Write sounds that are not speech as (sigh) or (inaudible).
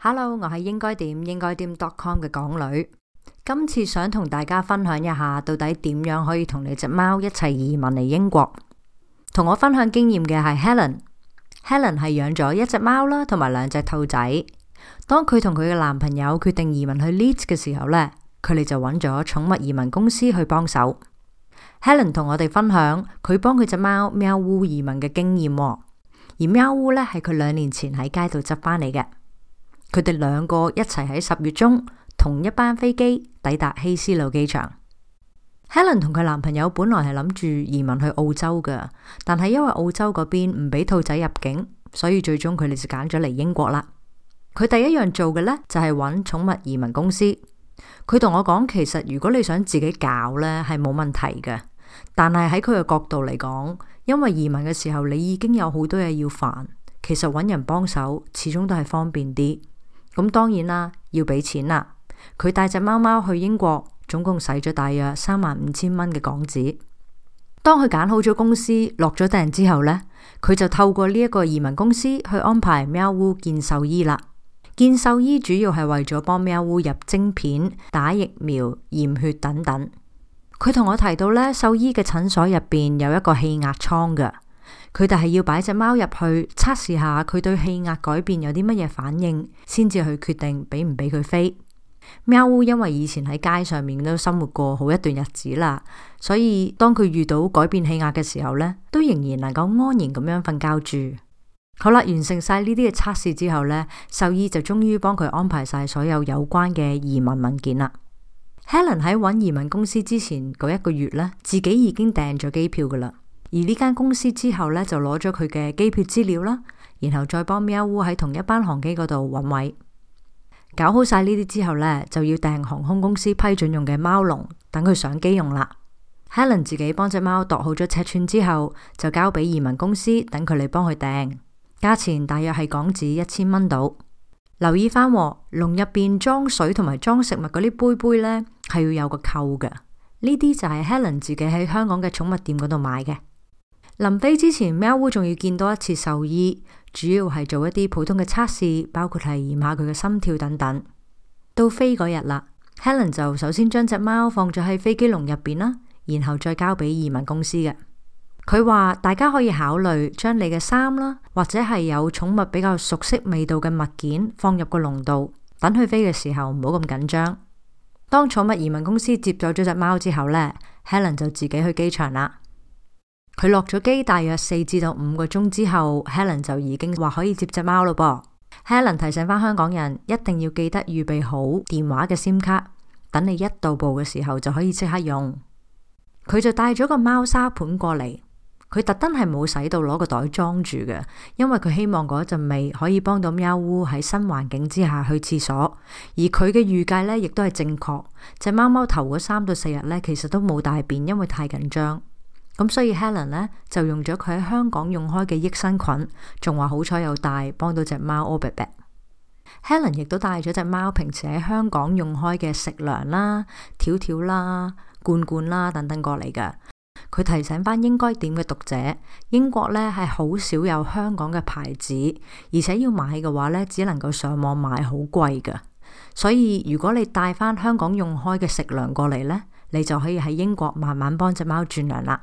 Hello，我係應該點應該點 dotcom 嘅港女，今次想同大家分享一下，到底點樣可以同你隻貓一齊移民嚟英國。同我分享經驗嘅係 Helen，Helen 係養咗一隻貓啦，同埋兩隻兔仔。當佢同佢嘅男朋友決定移民去 Leeds 嘅時候呢，佢哋就揾咗寵物移民公司去幫手。Helen 同我哋分享佢幫佢隻貓喵嗚移民嘅經驗，而喵嗚呢，係佢兩年前喺街度執翻嚟嘅。佢哋兩個一齊喺十月中同一班飛機抵達希斯路機場。Helen 同佢男朋友本來係諗住移民去澳洲噶，但係因為澳洲嗰邊唔俾兔仔入境，所以最終佢哋就揀咗嚟英國啦。佢第一樣做嘅呢，就係揾寵物移民公司。佢同我講，其實如果你想自己搞呢，係冇問題嘅，但係喺佢嘅角度嚟講，因為移民嘅時候你已經有好多嘢要煩，其實揾人幫手始終都係方便啲。咁當然啦，要俾錢啦。佢帶隻貓貓去英國，總共使咗大約三萬五千蚊嘅港紙。當佢揀好咗公司，落咗訂之後呢，佢就透過呢一個移民公司去安排喵嗚見獸醫啦。見獸醫主要係為咗幫喵嗚入晶片、打疫苗、驗血等等。佢同我提到呢，獸醫嘅診所入邊有一個氣壓倉㗎。佢哋係要擺隻貓入去測試下佢對氣壓改變有啲乜嘢反應，先至去決定俾唔俾佢飛。喵，因為以前喺街上面都生活過好一段日子啦，所以當佢遇到改變氣壓嘅時候呢，都仍然能夠安然咁樣瞓覺住。好啦，完成晒呢啲嘅測試之後呢，獸醫就終於幫佢安排晒所有有關嘅移民文件啦。Helen 喺搵移民公司之前嗰一個月呢，自己已經訂咗機票噶啦。而呢間公司之後呢，就攞咗佢嘅機票資料啦，然後再幫喵嗚喺同一班航機嗰度揾位，搞好晒呢啲之後呢，就要訂航空公司批准用嘅貓籠，等佢上機用啦。Helen 自己幫隻貓度好咗尺寸之後，就交俾移民公司等佢嚟幫佢訂，價錢大約係港紙一千蚊到。留意翻喎，籠入邊裝水同埋裝食物嗰啲杯杯呢，係要有個扣嘅。呢啲就係 Helen 自己喺香港嘅寵物店嗰度買嘅。臨飛之前，喵烏仲要見多一次獸醫，主要係做一啲普通嘅測試，包括係驗下佢嘅心跳等等。到飛嗰日啦，Helen 就首先將隻貓放咗喺飛機籠入邊啦，然後再交俾移民公司嘅。佢話大家可以考慮將你嘅衫啦，或者係有寵物比較熟悉味道嘅物件放入個籠度，等佢飛嘅時候唔好咁緊張。當寵物移民公司接載咗隻貓之後呢 (music) Helen 就自己去機場啦。佢落咗機大約四至到五個鐘之後，Helen 就已經話可以接隻貓咯噃。Helen 提醒翻香港人一定要記得預備好電話嘅 SIM 卡，等你一到埗嘅時候就可以即刻用。佢就帶咗個貓砂盤過嚟，佢特登係冇使到攞個袋裝住嘅，因為佢希望嗰陣味可以幫到喵嗚喺新環境之下去廁所。而佢嘅預計呢亦都係正確，隻貓貓頭嗰三到四日呢，其實都冇大便，因為太緊張。咁所以 Helen 咧就用咗佢喺香港用開嘅益生菌，仲話好彩有帶幫到隻貓屙白白。Helen 亦都帶咗隻貓平時喺香港用開嘅食糧啦、條條啦、罐罐啦等等過嚟噶。佢提醒翻應該點嘅讀者，英國咧係好少有香港嘅牌子，而且要買嘅話咧只能夠上網買，好貴噶。所以如果你帶翻香港用開嘅食糧過嚟咧，你就可以喺英國慢慢幫隻貓轉糧啦。